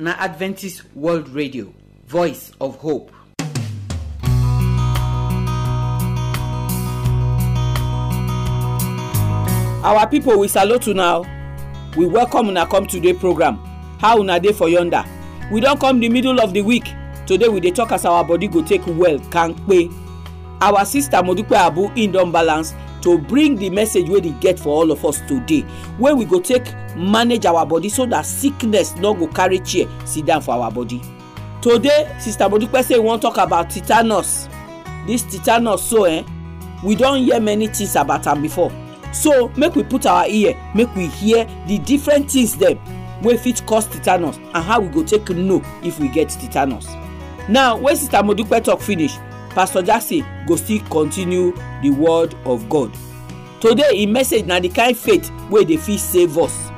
na adventist world radio voice of hope. our people, we salute una we welcome una come today program how una dey for yonder we don come the middle of the week today we dey talk as our body go take well kampe our sister modupe abu im don balance to bring the message wey dey get for all of us today wey we go take manage our body so that sickness no go carry chair sit down for our body today sister modupe say we wan talk about tetanus this tetanus so eh we don hear many things about am before so make we put our ear make we hear the different things dem wey fit cause tetanus and how we go take know if we get tetanus now when sister modupe talk finish pastor jackson go still continue the word of god today im message na the kind faith wey dey fit save us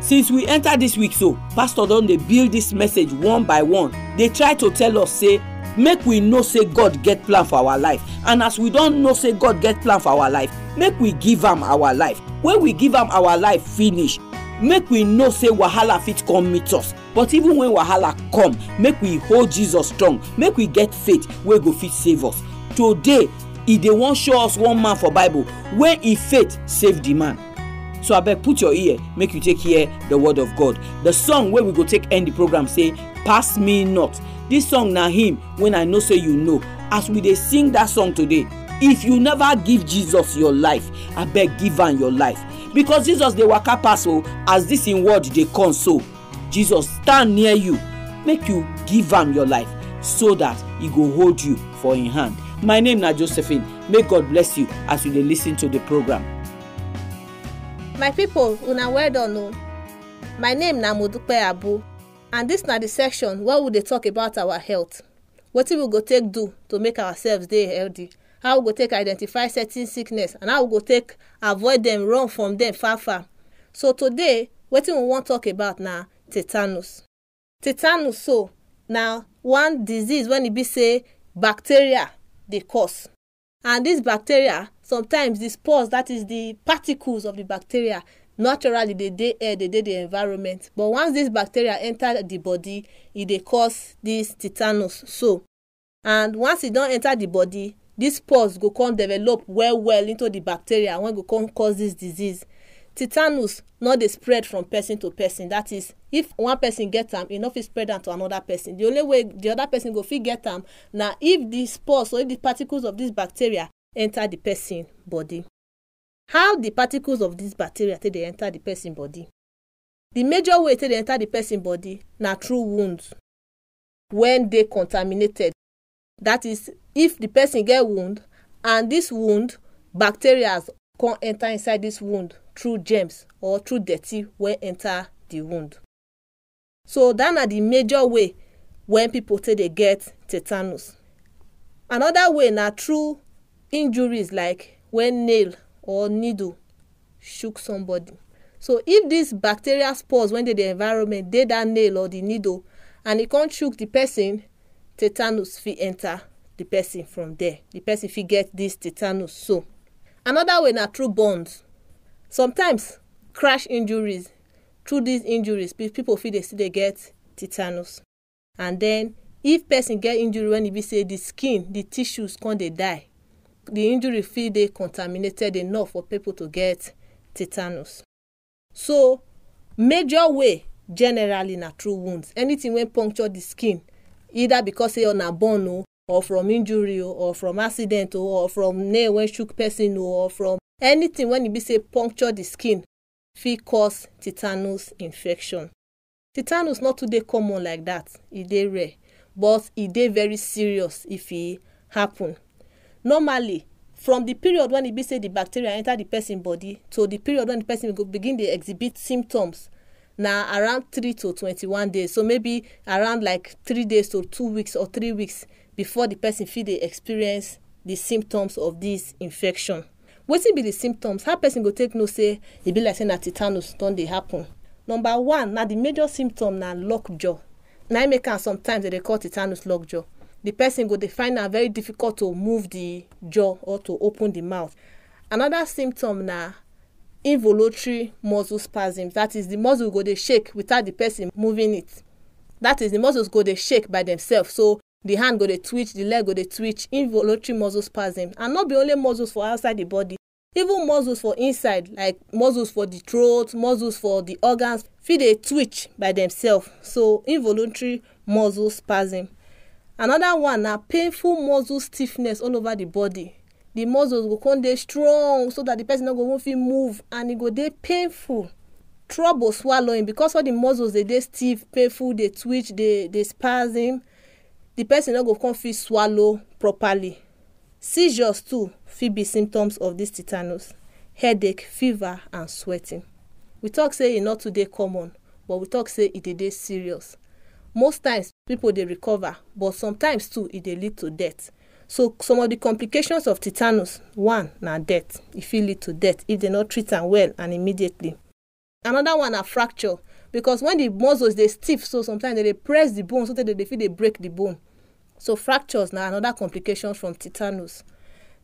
since we enter this week so pastor don dey build this message one by one dey try to tell us say make we know say god get plan for our life and as we don know say god get plan for our life make we give am our life when we give am our life finish make we know say wahala fit come meet us but even when wahala come make we hold jesus strong make we get faith wey go fit save us today e dey wan show us one man for bible wey e faith save the man so abeg put your ear make you take hear the word of god the song wey we go take end the program say pass me not this song na him when i know say you know as we dey sing that song today if you never give jesus your life abeg give am your life because jesus dey waka pass o oh, as this im word dey come so jesus stand near you make you give am your life so that he go hold you for im hand my name na josephine may god bless you as you dey lis ten to the program. my pipo una well done o oh. my name na modupe abu and dis na di section wey we dey talk about our health wetin we go take do to make ourselves dey healthy how we go take identify certain sickness and how we go take avoid dem run from dem far far so today wetin we wan talk about na tetanus tetanus so na one disease wen e be say bacteria dey cause and dis bacteria sometimes the spores that is the particles of the bacteria naturally dey dey air dey dey the environment but once this bacteria enter the body e dey cause this tetanus so and once e don enter the body dis pus go come develop well well into the bacteria wey go come cause this disease tetanus no dey spread from person to person that is if one person get am e no fit spread am to another person the only way the other person go fit get am na if the spores or if the particles of this bacteria enter the person body how the particles of this bacteria take dey enter the person body the major way take dey enter the person body na through wounds when dey contaminated that is if the person get wound and this wound bacteria come enter inside this wound through germs or through dirty wey enter the wound. so that na the major way when people take dey get tetanus. another way na through injuries like when nail or needle shook somebody. so if these bacterial spores wey dey the environment dey that nail or the needle and e come shook the person tetanus fit enter the person from there the person fit get this tetanus so another way na through burns sometimes crash injuries through these injuries people fit dey still dey get tetanus and then if person get injury when e be say the skin the tissues come dey die the injury fit dey contaminated enough for people to get tetanus so major way generally na through wounds anything wey puncture the skin either because say una burn o or from injury or from accident or from nail wey shook person or from anything wey e be say puncture the skin fit cause tetanus infection. Tetanus no too dey common like that, e dey rare but e dey very serious if e happen. Normally from the period when e be say the bacteria enter the person body to the period when the person go begin dey exhibit symptoms na around three to twenty-one days so maybe around like three days to two weeks or three weeks before the person feel they experience the symptoms of this infection wetin be the symptoms how person go take know say e be like say na tetanus don dey happen number one na the major symptom na lockjaw na im make am sometimes they dey call tetanus lockjaw the person go dey find am very difficult to move the jaw or to open the mouth another symptom na involuntary muscle spasms that is the muscle go dey shake without the person moving it that is the muscles go dey shake by themselves so the hand go dey twitch the leg go dey twitch involuntary muscle spasm and no be only muscles for outside the body even muscles for inside like muscles for the throat muscles for the organs fit dey twitch by themselves so involuntary muscle spasm another one na painful muscle stiffness all over the body the muscles go come dey strong so that the person no go even fit move and e go dey painful trouble swallowing because all the muscles dey dey stiff painful dey twitch dey dey spasm the person no go come fit swallow properly. seizures too fit be symptoms of this tetanus headache fever and sweating. we talk say e no too dey common but we talk say e dey dey serious. most times people dey recover but sometimes too e dey lead to death. so some of the complications of tetanus one na death e fit lead to death if dem no treat am well and immediately. another one na fracture because when the muscles dey stiff so sometimes dem dey press the bone so that dem dey fit dey break the bone So fractures now another complication from tetanus.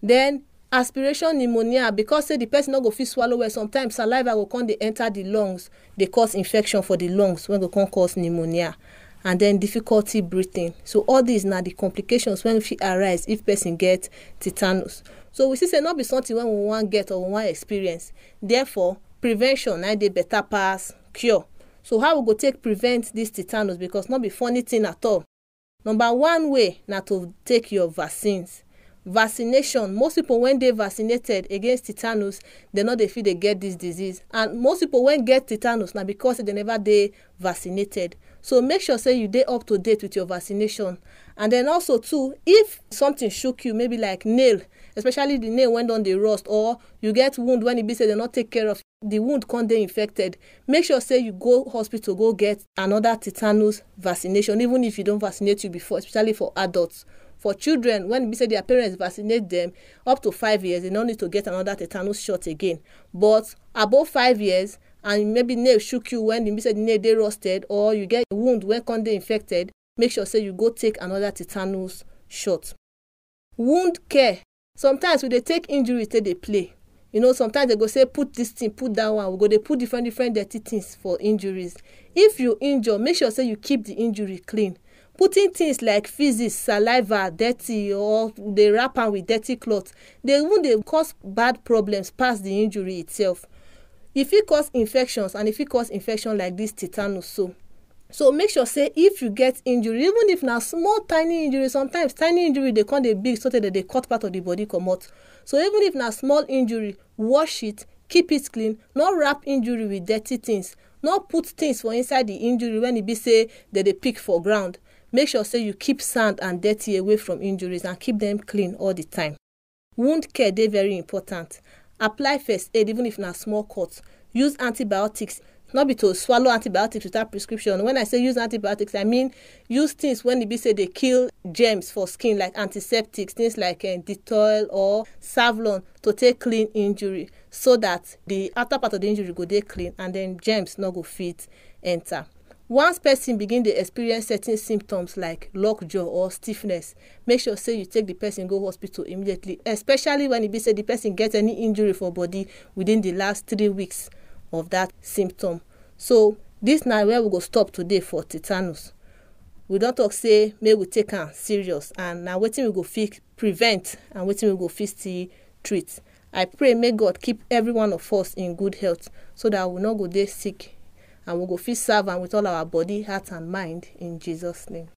Then aspiration pneumonia because say the person not go fit swallow well sometimes saliva go come they enter the lungs They cause infection for the lungs when go come cause pneumonia and then difficulty breathing so all these now the complications when fit arise if person get tetanus so we see say not be something when we want get or we want experience therefore prevention now the better pass cure so how we go take prevent this tetanus because not be funny thing at all Number one way na to take your vaccines. Vaccination most people when dey vaccinated against tetanus dem no dey fit dey get this disease and most people when get tetanus na because say dem never dey vaccinated. So make sure say you dey up to date with your vaccination and then also too if something shook you maybe like nail especially the nail wey don dey rust or you get wound when e be say dem no take care of the wound come dey infected make sure say you go hospital go get another tetanus vaccination even if you don vaccinate you before especially for adults for children when e be say their parents vaccinate them up to five years they no need to get another tetanus shot again but above five years and maybe nail shook you when e be say the nail dey rusted or you get wound wey come dey infected make sure say you go take another tetanus shot wound care sometimes we dey take injury take dey play you know sometimes they go say put this thing put that one we go dey put different different dirty things for injuries if you injure make sure say you keep the injury clean putting things like feces saliva dirty or dey wrap am with dirty cloth dey even dey cause bad problems pass the injury itself e fit cause infections and e fit cause infection like this tetanus so so make sure say if you get injury even if na small tiny injury sometimes tiny injury dey come dey big so tey dem dey cut part of the body comot so even if na small injury wash it keep it clean no wrap injury with dirty things no put things for inside the injury when e be say dem dey pick for ground make sure say you keep sand and dirty away from injuries and keep them clean all the time wound care dey very important apply first aid even if na small cut use antibiotics not be to swallow antibiotics without prescription when i say use antibiotics i mean use things when e be say they kill germs for skin like antiseptics things like um, dettol or savlon to take clean injury so that the outer part of the injury go dey clean and then germs no go fit enter once person begin to experience certain symptoms like lockjaw or stiffness make sure say you take the person go hospital immediately especially when e be said the person get any injury for body within the last three weeks of that symptom so this na where we go stop today for tetanus we don talk say make we take am serious and na wetin we go fit prevent and wetin we go fit still treat i pray may god keep every one of us in good health so that we no go dey sick and we go fit serve am with all our body heart and mind in jesus name.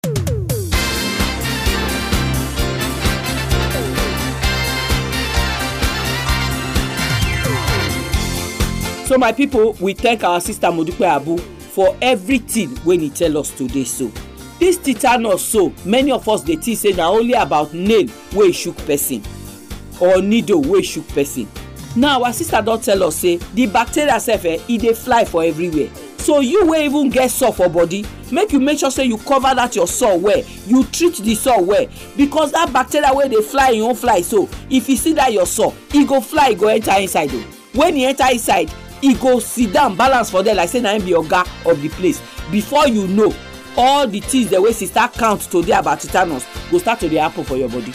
so my people we thank our sister modupe abu for everything wey he tell us today so this tetanus so many of us dey think say na only about nail wey shook person or needle wey shook person now our sister don tell us say the bacteria sef eh e dey fly for everywhere so you wey even get sore for body make you make sure say you cover that your sore well you treat the sore well because that bacteria wey dey fly e own fly so if e see that your sore e go fly e go enter inside o oh. when e enter inside e go sit down balance for there like say na him be oga of the place before you know all the things dem wey sister count to today about tetanus go start to dey happen for your body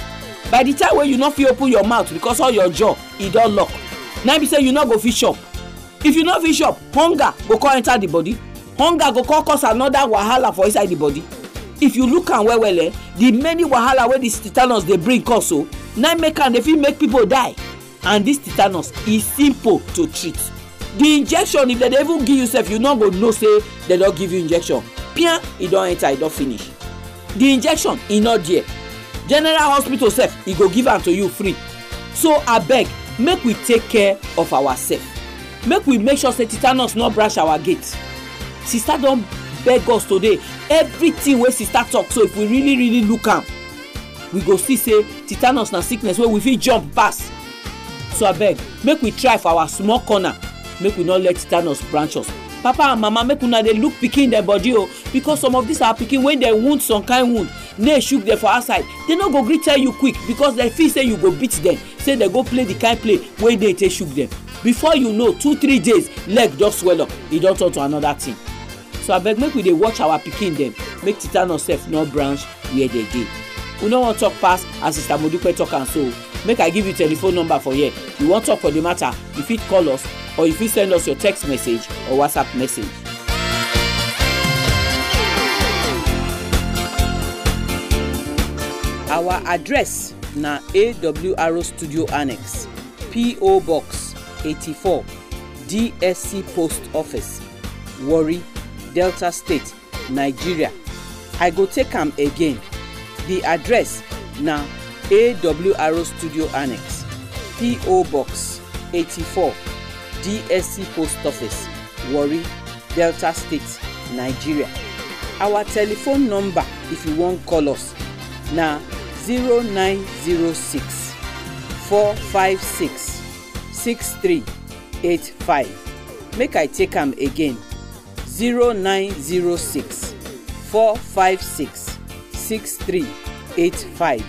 by the time wey you no fit open your mouth because all your jaw e don lock na be say you no go fit chop if you no fit chop hunger go come enter the body hunger go come cause another wahala for inside the body if you look am well well eh the many wahala wey this tetanus dey bring cause o oh, na make am dey fit make people die and this tetanus e simple to treat the injection if they dey even give you sef you no go know say they don give you injection pian e don enter e don finish the injection e no there general hospital sef e go give am to you free so abeg make we take care of ourself make we make sure say tetanus no branch our gate sister don beg us today everything wey sister talk so if we really really look am we go see say tetanus na sickness wey we fit jump pass so abeg make we try for our small corner make we no let tetanus branch us papa and mama make una dey look pikin dem body o oh, because some of these our pikin when dem wound some kind wound nail shook dem for outside dem no go gree tell you quick because dem feel say you go beat dem say dem go play the kind play wey nail take shook dem before you know two three days leg just swell up e don turn to another thing so abeg make we dey watch our pikin dem make tetanus sef no branch where dey dey we no wan talk pass as sister modupe talk am so make i give you telephone number for here you wan talk for the matter you fit call us or if you send us your text message or WhatsApp message. Our address na AWR Studio Annex, PO Box 84, DSC Post Office, Warri, Delta State, Nigeria. I go take am again. The address na AWR Studio Annex, PO Box 84. DSC Post Office, Warri, Delta State, Nigeria. Our telephone number if you wan call us na three eight five. Make I take am again Zero zero nine six six six four five three eight five.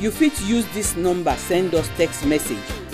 You fit use this number send us text message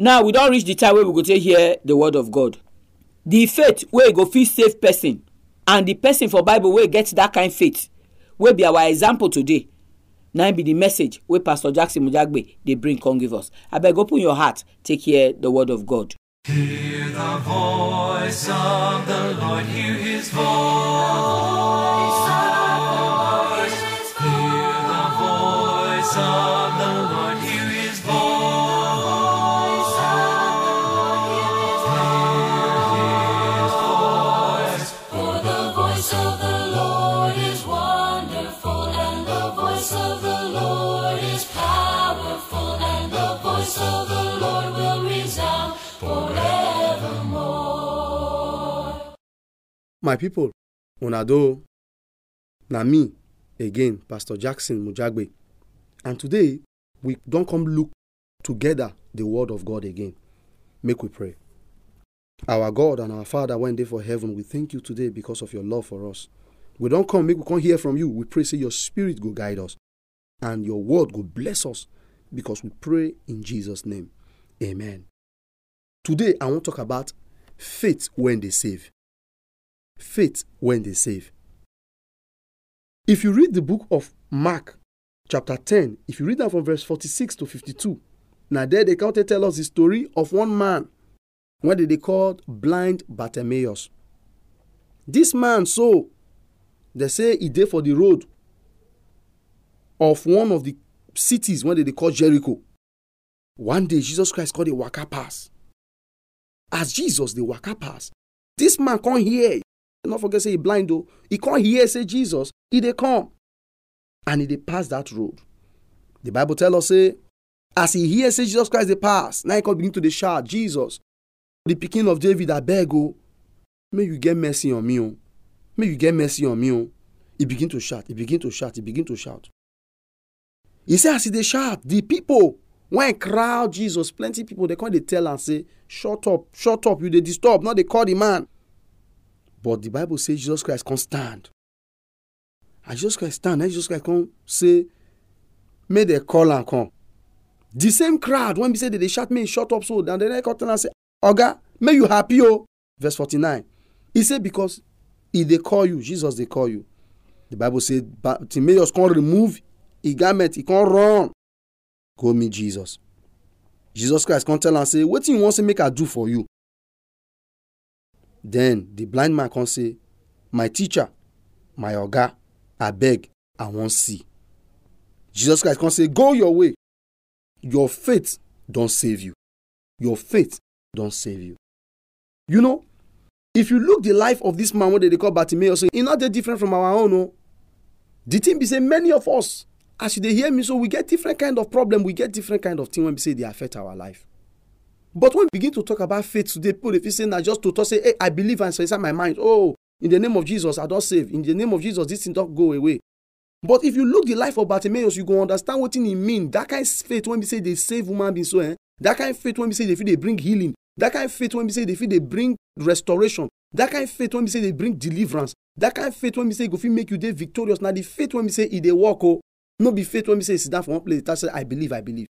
now we don't reach the time where we go take hear the word of god The faith you go feel safe person and the person for bible where gets that kind faith where be our example today Now be the message where pastor jackson mujagbe they bring come give us beg open your heart take hear the word of god. hear the voice of the lord hear his voice. the Lord will resound forevermore. My people, Unado, na me again, Pastor Jackson Mujagbe. And today, we don't come look together the word of God again. Make we pray. Our God and our Father, when they for heaven, we thank you today because of your love for us. We don't come, make we come hear from you. We pray, say your spirit go guide us and your word go bless us because we pray in Jesus' name. Amen. Today, I want to talk about faith when they save. Faith when they save. If you read the book of Mark, chapter 10, if you read that from verse 46 to 52, now there they can tell us the story of one man, what they called blind Bartimaeus. This man, so they say he did for the road of one of the cities when they call Jericho. One day, Jesus Christ called a waka pass. As Jesus, the waka pass, this man can't hear. Not forget, say he blind though. He can't hear, say Jesus. He they come. And he they pass that road. The Bible tell us, say, as he hears, say Jesus Christ, they pass. Now he can begin to the shout, Jesus, the picking of David, I beg, oh, may you get mercy on me, oh. May you get mercy on me, oh. He begin to shout, he begin to shout, he begin to shout. He say as e dey shout The people, wen crowd jesus plenty people. dey come dey tell am say shut up shut up you dey disturb not dey call the man but the bible say jesus christ come stand as jesus christ stand then jesus christ come say make dem call am come The same crowd wen be say dem dey shout make e shut up so and dem come tell am say oga may you happy o verse forty-nine He say because he dey call you jesus dey call you the bible say bartimaeus come remove his garment run go meet jesus jesus christ come tell am say wetin you wan say make i do for you then the blind man come say my teacher my oga abeg i wan see jesus christ come say go your way your faith don save you your faith don save you you know if you look the life of this man wey dem dey call bartimaeus e no dey different from our own o oh. the thing be say many of us as you dey hear me so we get different kind of problem we get different kind of thing wey be say dey affect our life but when we begin to talk about faith today people dey feel say na just to talk say hey i believe and so inside my mind oh in the name of jesus i don save in the name of jesus this thing don go away but if you look the life of bartimaeus you go understand wetin e mean that kind faith wey be say dey save human being so eh that kind faith wey be say dey fit dey bring healing that kind faith wey be say dey fit dey bring restoration that kind faith wey be say dey bring deliverance that kind faith wey be say e go fit make you dey victorious na the faith wey be say e dey work o oh. No be faith when we say sit down for one place, that's say I believe, I believe.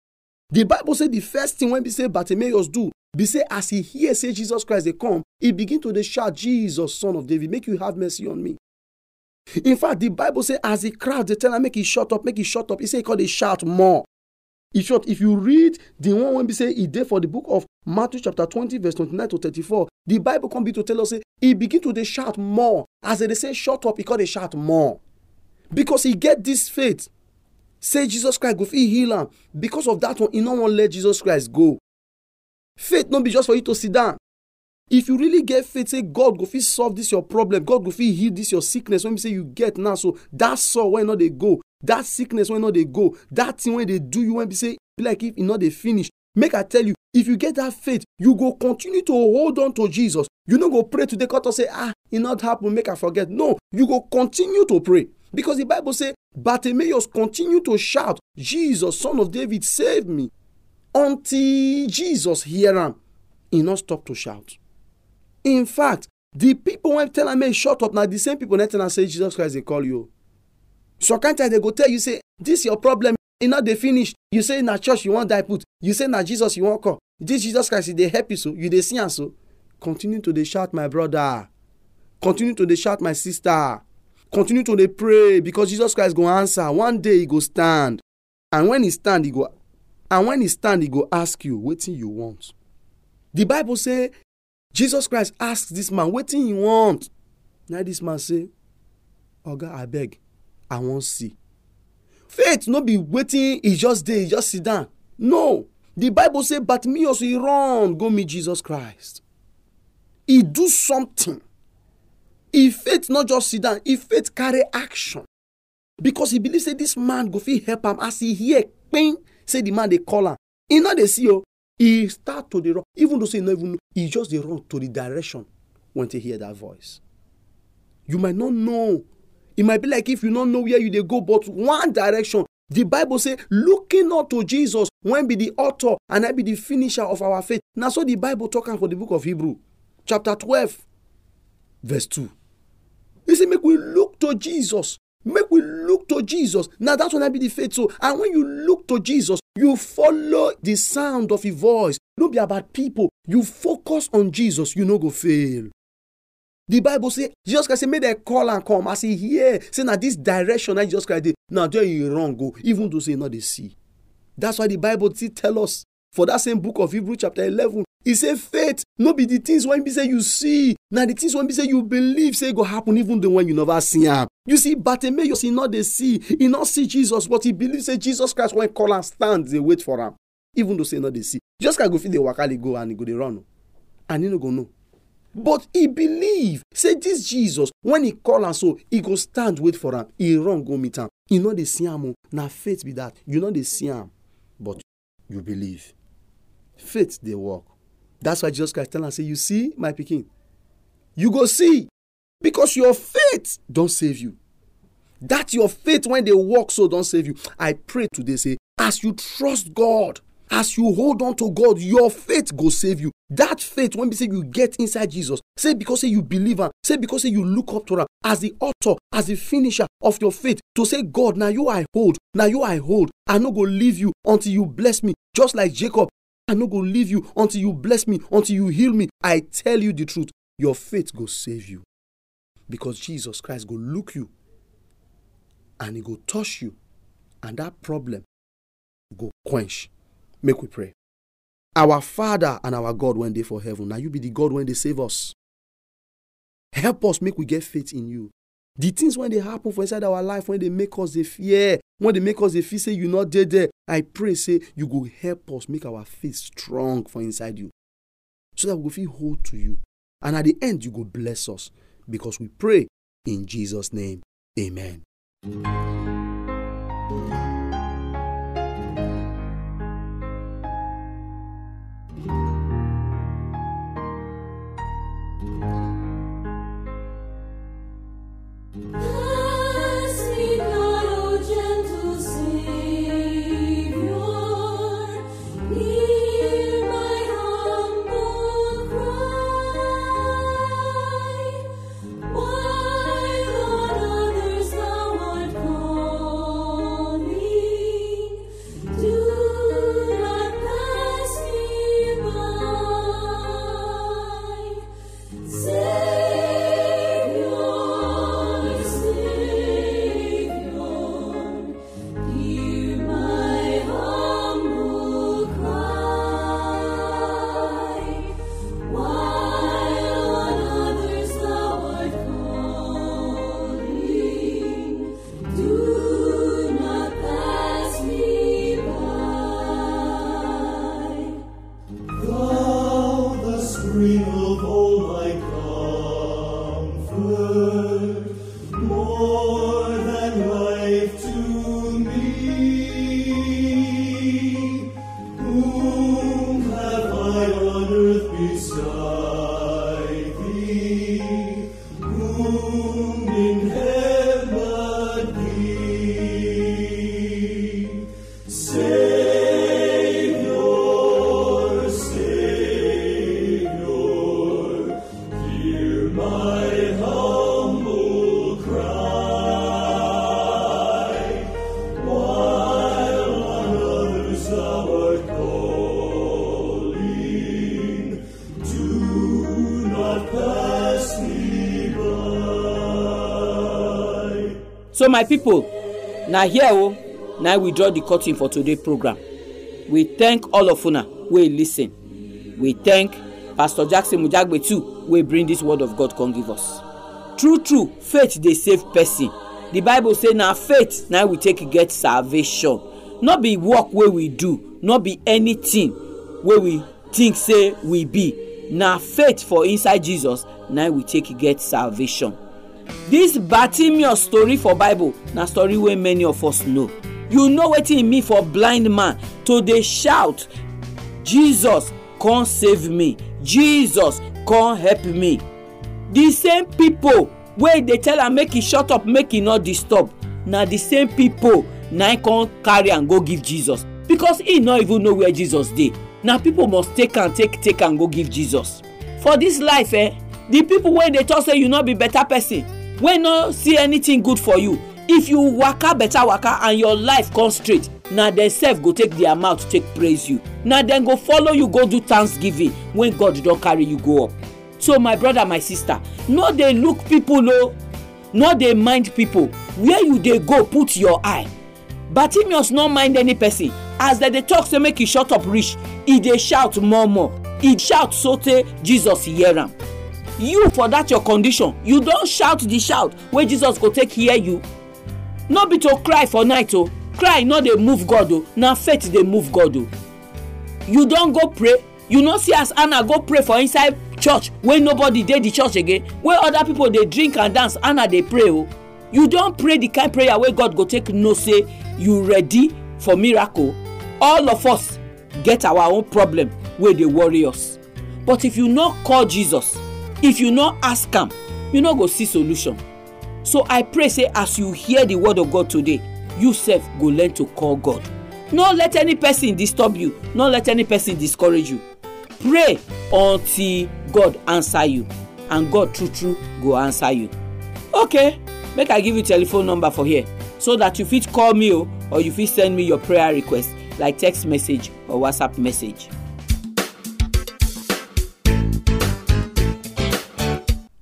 The Bible say the first thing when we say Bartimaeus do, be say as he hears say Jesus Christ they come, he begin to the shout, Jesus, son of David, make you have mercy on me. In fact, the Bible say as a crowd they tell him make he shut up, make he shut up. He say he called they shout more. In short, if you read the one when we say he did for the book of Matthew chapter 20, verse 29 to 34, the Bible come be to tell us say he begin to the shout more. As they say shut up, he called they shout more. Because he get this faith. say jesus christ go fit heal am because of that one he no wan let jesus christ go faith no be just for you to sit down if you really get faith say god go fit solve this your problem god go fit heal this your sickness wey be say you get now so that sore wey no dey go that sickness wey no dey go that thing wey dey do you wey be say be like if e no dey finish make i tell you if you get that faith you go continue to hold on to jesus you no go pray today cut off say ah e not happen make i forget no you go continue to pray Because the Bible says, Bartimaeus continue to shout, Jesus, son of David, save me, until Jesus hear him. He not stop to shout. In fact, the people when tell him, shut up, now the same people when tell him, say, Jesus Christ, they call you. So can't they go tell you, say, this your problem, you e know they finish. You say, na church, you want die put. You say, na Jesus, you want call. This Jesus Christ, they e help you so, you they see and so. Continue to they shout, my brother. Continue to they shout, my sister continue to dey pray because jesus christ go answer one day he go stand and when he stand he go and when he stand he go ask you wetin you want the bible say jesus christ ask this man wetin he want na this man say oga abeg i wan see faith no be wetin e just dey e just sit down no the bible say but bartimaeus he run go meet jesus christ he do something If faith not just sit down, if faith carry action, because he believe say this man go fit help am as he hear pain say the man dey call am, he no dey see o, he start to dey run even though say he no even know, he just dey run to the direction when he hear that voice. You might not know, it might be like if you no know where you dey go but one direction The Bible say, looking unto Jesus, when be the author and I be the finisher of our faith. Now, so the Bible talking for the book of Hebrew, chapter twelve, verse two. He say Make we look to Jesus. Make we look to Jesus. Now that when I be the faith. So, And when you look to Jesus, you follow the sound of his voice. No be about people. You focus on Jesus, you no go fail. The Bible say Jesus Christ say make dem call and come as he hear say na this direction na Jesus Christ dey na there you wrong go even though say you no dey see. That's why the Bible still tell us for that same book of hebrew chapter eleven e say faith no be the things wey be say you see na the things wey be say you believe say go happen even though when you never see am you see bartimaeus e no dey see e no see jesus but e believe say jesus christ wen call am stand dey wait for am even though say e no dey see jesus christ go fit dey waka dey go and e go dey run oh. and e no go know but e believe say this jesus when he call am so he go stand wait for am He run go meet am He no dey see am o oh. na faith be that you no dey see am but you believe faith they work that's why jesus christ tell us, say you see my picking, you go see because your faith don't save you that your faith when they walk, so don't save you i pray today say as you trust god as you hold on to god your faith go save you that faith when we say you get inside jesus say because say you believe say because say you look up to am as the author as the finisher of your faith to say god now you i hold now you i hold i no go leave you until you bless me just like jacob I'm not going to leave you until you bless me, until you heal me. I tell you the truth. Your faith go save you. Because Jesus Christ go look you and he go touch you and that problem go quench. Make we pray. Our Father and our God when they for heaven. Now you be the God when they save us. Help us make we get faith in you. The things when they happen for inside our life, when they make us a fear, when they make us a feel say you not dead there, I pray say you go help us make our faith strong for inside you. So that we feel hold to you. And at the end, you go bless us because we pray in Jesus' name. Amen. so my people, na here o oh, na we draw the curtain for today program we thank all of una wey lis ten we thank pastor jackson mujagbe too wey bring this word of god come give us true true faith dey save person the bible say na faith na we take get salvation no be work wey we do no be anything wey we think say we be na faith for inside jesus na we take get salvation This bartimaeus story for bible na story wey many of us know you know wetin e mean for blind man to dey shout jesus come save me jesus come help me the same people wey e dey tell am make e shut up make e no disturb na the same people na him e come carry am go give jesus because he no even know where jesus dey na people must take am take take am go give jesus for this life eh the people wey dey talk say you no be better person wey no see anything good for you if you waka better waka and your life come straight na dem sef go take their mouth take praise you na dem go follow you go do thanksgiving when god don carry you go up so my brother my sister no dey look people o no dey mind people where you dey go put your eye bartimaeus no mind any person as dem dey talk say make e shut up reach e dey shout more more e shout so sotey jesus hear am you for that your condition you don shout the shout wey jesus go take hear you no be to cry for night o oh. cry no dey move god o oh. na faith dey move god o oh. you don go pray you no see as anna go pray for inside church wey nobody dey the church again wey other people dey drink and dance anna dey pray o you don pray the kind prayer wey god go take know say you ready for miracle all of us get our own problem wey dey worry us but if you no call jesus if you no ask am you no go see solution so i pray say as you hear the word of god today you sef go learn to call god no let any person disturb you no let any person discourage you pray until god answer you and god true true go answer you okay make i give you telephone number for here so that you fit call me o oh, or you fit send me your prayer request like text message or whatsapp message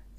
0244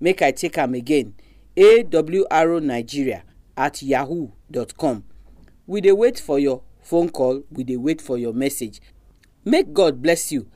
make i take am again awro nigeria at yahoo dot com we dey wait for your phone call we dey wait for your message make god bless you.